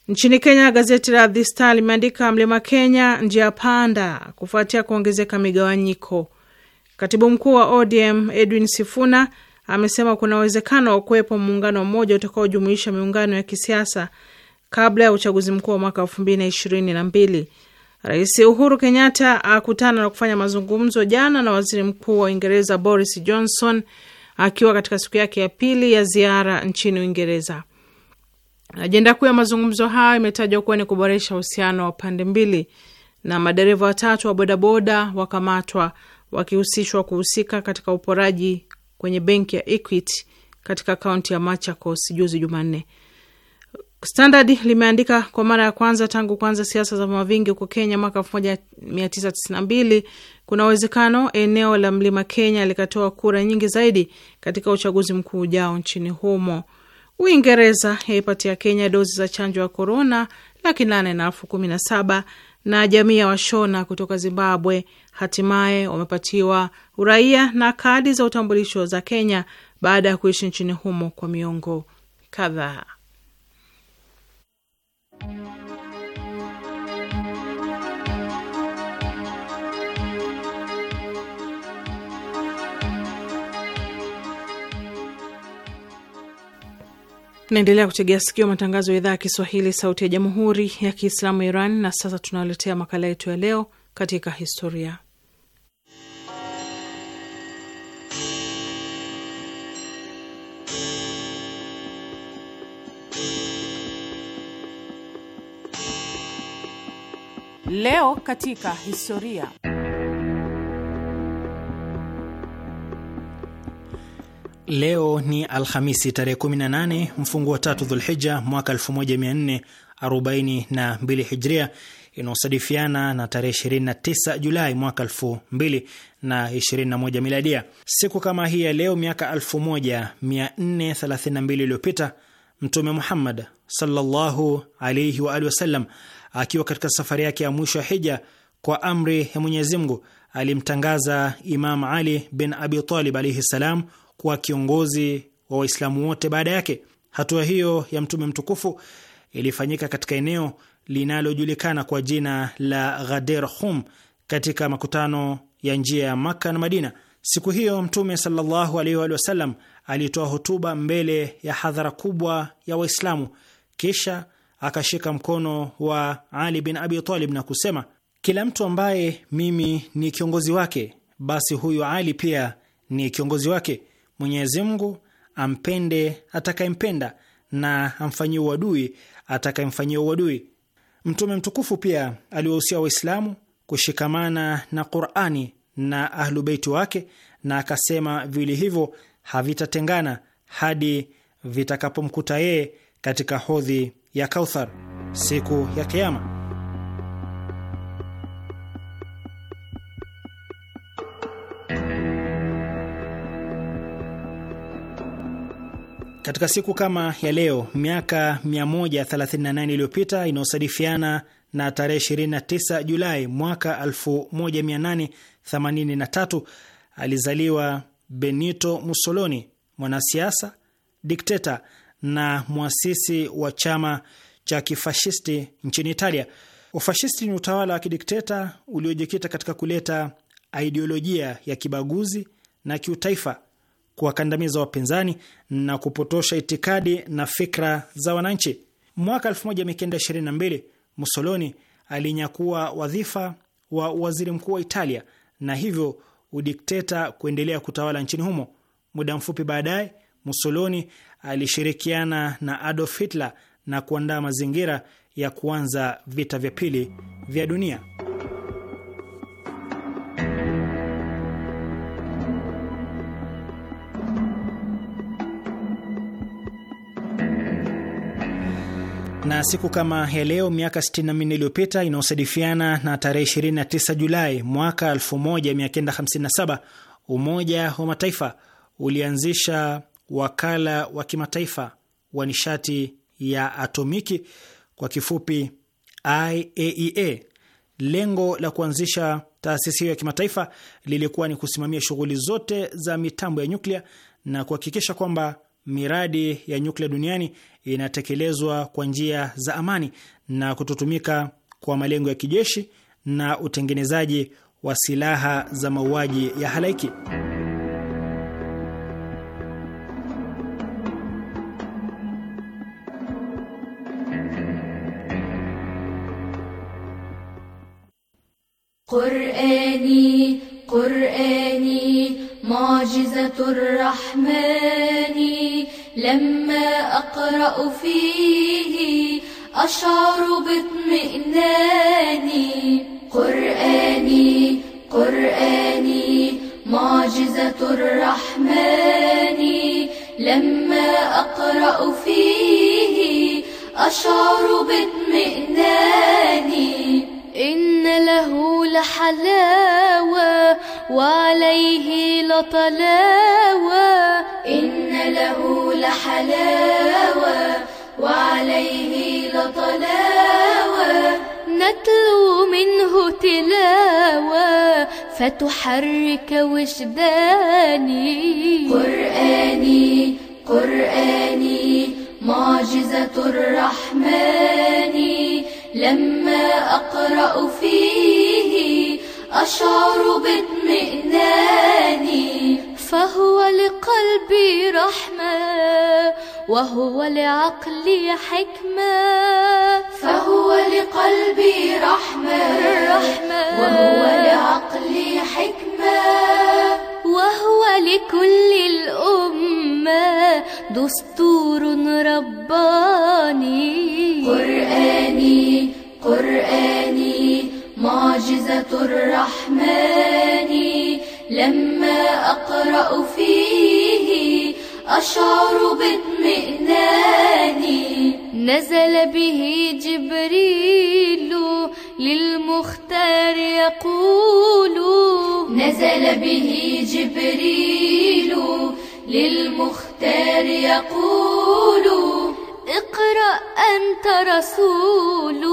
Nchini Kenya, gazeti la The Star limeandika mlima Kenya njia panda kufuatia kuongezeka migawanyiko. Katibu mkuu wa ODM Edwin Sifuna amesema kuna uwezekano wa kuwepo muungano mmoja utakaojumuisha miungano ya kisiasa kabla ya uchaguzi mkuu wa mwaka elfu mbili na ishirini na mbili. Rais Uhuru Kenyatta akutana na kufanya mazungumzo jana na waziri mkuu wa Uingereza Boris Johnson akiwa katika siku yake ya pili ya ziara nchini Uingereza. Ajenda kuu ya mazungumzo hayo imetajwa kuwa ni kuboresha uhusiano wa pande mbili, na madereva watatu wa bodaboda wakamatwa wakihusishwa kuhusika katika uporaji kwenye benki ya Equity katika kaunti ya Machakos juzi Jumanne. Standard limeandika kwa mara ya kwanza tangu kuanza siasa za vyama vingi huko Kenya mwaka 1992 kuna uwezekano eneo la mlima Kenya likatoa kura nyingi zaidi katika uchaguzi mkuu ujao nchini humo. Uingereza yaipatia Kenya dozi za chanjo ya korona laki nane na elfu kumi na saba na jamii ya Washona kutoka Zimbabwe hatimaye wamepatiwa uraia na kadi za utambulisho za Kenya baada ya kuishi nchini humo kwa miongo kadhaa. Naendelea kutegea sikio matangazo ya idhaa ya Kiswahili, sauti ya jamhuri ya kiislamu Iran. Na sasa tunawaletea makala yetu ya leo, katika historia Leo katika historia. Leo ni Alhamisi tarehe 18 mfungu wa tatu Dhulhija mwaka 1442 Hijria, inaosadifiana na tarehe 29 Julai mwaka 2021 Miladia. Siku kama hii ya leo miaka 1432 iliyopita Mtume Muhammad sallallahu alayhi wa alihi wasallam akiwa katika safari yake ya mwisho ya hija, kwa amri ya Mwenyezi Mungu alimtangaza Imam Ali bin Abi Talib alaihi salam kuwa kiongozi wa Waislamu wote baada yake. Hatua hiyo ya mtume mtukufu ilifanyika katika eneo linalojulikana kwa jina la Ghadir Hum katika makutano ya njia ya Makka na Madina. Siku hiyo Mtume sallallahu alaihi wa alihi wasallam alitoa hotuba mbele ya hadhara kubwa ya Waislamu, kisha akashika mkono wa Ali bin Abi Talib na kusema, kila mtu ambaye mimi ni kiongozi wake, basi huyu Ali pia ni kiongozi wake. Mwenyezi Mungu ampende atakayempenda na amfanyie uadui atakayemfanyia uadui. Mtume mtukufu pia aliwahusia Waislamu kushikamana na Qurani na Ahlubeiti wake, na akasema viwili hivyo havitatengana hadi vitakapomkuta yeye katika hodhi ya Kauthar siku ya Kiama. Katika siku kama ya leo miaka 138 iliyopita inayosadifiana na tarehe 29 Julai mwaka 1883 alizaliwa Benito Mussolini, mwanasiasa dikteta na mwasisi wa chama cha kifashisti nchini Italia. Ufashisti ni utawala wa kidikteta uliojikita katika kuleta aidiolojia ya kibaguzi na kiutaifa, kuwakandamiza wapinzani na kupotosha itikadi na fikra za wananchi. Mwaka 1922 Mussolini alinyakua wadhifa wa waziri mkuu wa Italia na hivyo udikteta kuendelea kutawala nchini humo. Muda mfupi baadaye, Mussolini alishirikiana na Adolf Hitler na kuandaa mazingira ya kuanza vita vya pili vya dunia. na siku kama ya leo miaka 64 iliyopita inayosadifiana na tarehe 29 Julai mwaka 1957 Umoja wa Mataifa ulianzisha wakala wa kimataifa wa nishati ya atomiki kwa kifupi IAEA. E Lengo la kuanzisha taasisi hiyo ya kimataifa lilikuwa ni kusimamia shughuli zote za mitambo ya nyuklia na kuhakikisha kwamba miradi ya nyuklia duniani inatekelezwa kwa njia za amani na kutotumika kwa malengo ya kijeshi na utengenezaji wa silaha za mauaji ya halaiki. Qur'ani, Qur'ani, Rahmani لما أقرأ فيه أشعر باطمئناني قرآني قرآني معجزة الرحمن لما أقرأ فيه أشعر باطمئناني إن له لحلاوة وعليه لطلاوة إن له لحلاوة وعليه لطلاوة نتلو منه تلاوة فتحرك وجداني قرآني قرآني معجزة الرحمن لما أقرأ فيه أشعر باطمئنان فهو لقلبي رحمة وهو لعقلي حكمة فهو لقلبي رحمة, رحمة وهو لعقلي حكمة وهو لكل الأمة ما دستور رباني قرآني قرآني معجزة الرحمن لما أقرأ فيه أشعر باطمئنان نزل به جبريل للمختار يقول نزل به جبريل للمختار يقول اقرأ أنت رسول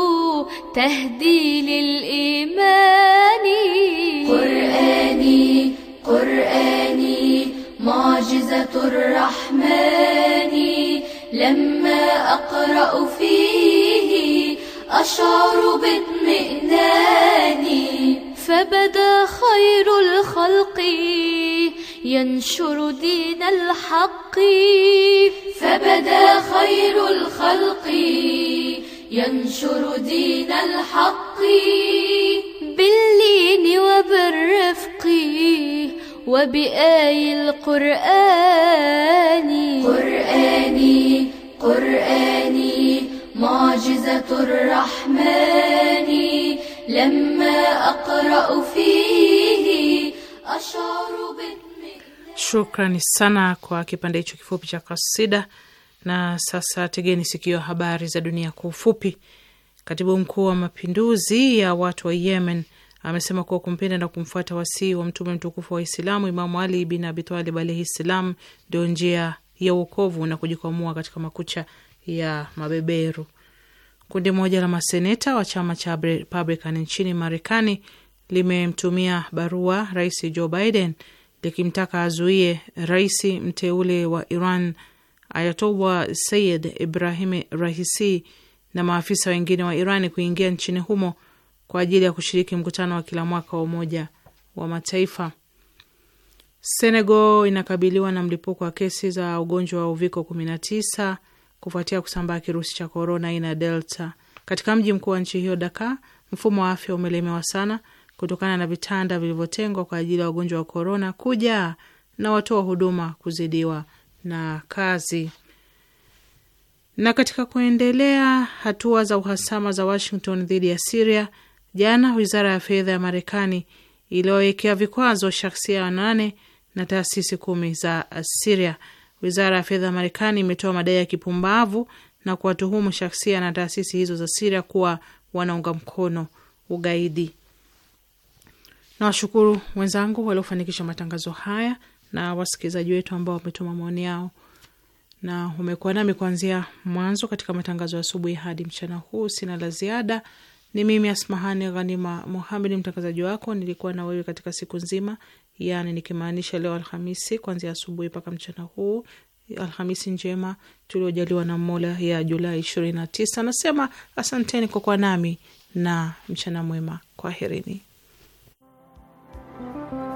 تهدي للإيمان قرآني قرآني معجزة الرحمن لما أقرأ فيه أشعر باطمئنان فبدا خير الخلق ينشر دين الحق فبدا خير الخلق ينشر دين الحق باللين وبالرفق وبآي القرآن قرآني قرآني معجزة الرحمن لما أقرأ فيه أشعر بالتقوى Shukrani sana kwa kipande hicho kifupi cha kasida. Na sasa tegeni sikio, habari za dunia kwa ufupi. Katibu mkuu wa mapinduzi ya watu wa Yemen amesema kuwa kumpenda na kumfuata wasii wa mtume mtukufu wa Islamu Imamu Ali bin Abitalib alaihi ssalam ndio njia ya uokovu na kujikwamua katika makucha ya mabeberu. Kundi moja la maseneta wa chama cha Republican nchini Marekani limemtumia barua Rais Joe Biden likimtaka azuie rais mteule wa Iran Ayatollah Sayid Ibrahim Rahisi na maafisa wengine wa Iran kuingia nchini humo kwa ajili ya kushiriki mkutano wa kila mwaka wa Umoja wa Mataifa. Senegal inakabiliwa na mlipuko wa kesi za ugonjwa wa uviko 19 kufuatia kusambaa kirusi cha korona aina ya Delta katika mji mkuu wa nchi hiyo Dakar. Mfumo wa afya umelemewa sana kutokana na vitanda vilivyotengwa kwa ajili ya wagonjwa wa korona kujaa na watoa huduma kuzidiwa na kazi. Na katika kuendelea hatua za uhasama za Washington dhidi ya Siria, jana wizara ya fedha ya Marekani iliyowekea vikwazo shaksia wanane na taasisi kumi za Siria. Wizara ya fedha ya Marekani imetoa madai ya kipumbavu na kuwatuhumu shaksia na taasisi hizo za Siria kuwa wanaunga mkono ugaidi. Nawashukuru wenzangu waliofanikisha matangazo haya na wasikilizaji wetu ambao wametuma maoni yao na umekuwa nami kuanzia mwanzo katika matangazo ya asubuhi hadi mchana huu. Sina la ziada. Ni mimi Asmahani Ghanima Muhamed, mtangazaji wako. Nilikuwa na wewe katika siku nzima, yani nikimaanisha leo Alhamisi, kuanzia asubuhi mpaka mchana huu. Alhamisi njema tuliojaliwa na Mola ya Julai ishirini na tisa. Nasema asanteni kwa kuwa nami na mchana mwema, kwaherini. Thank you.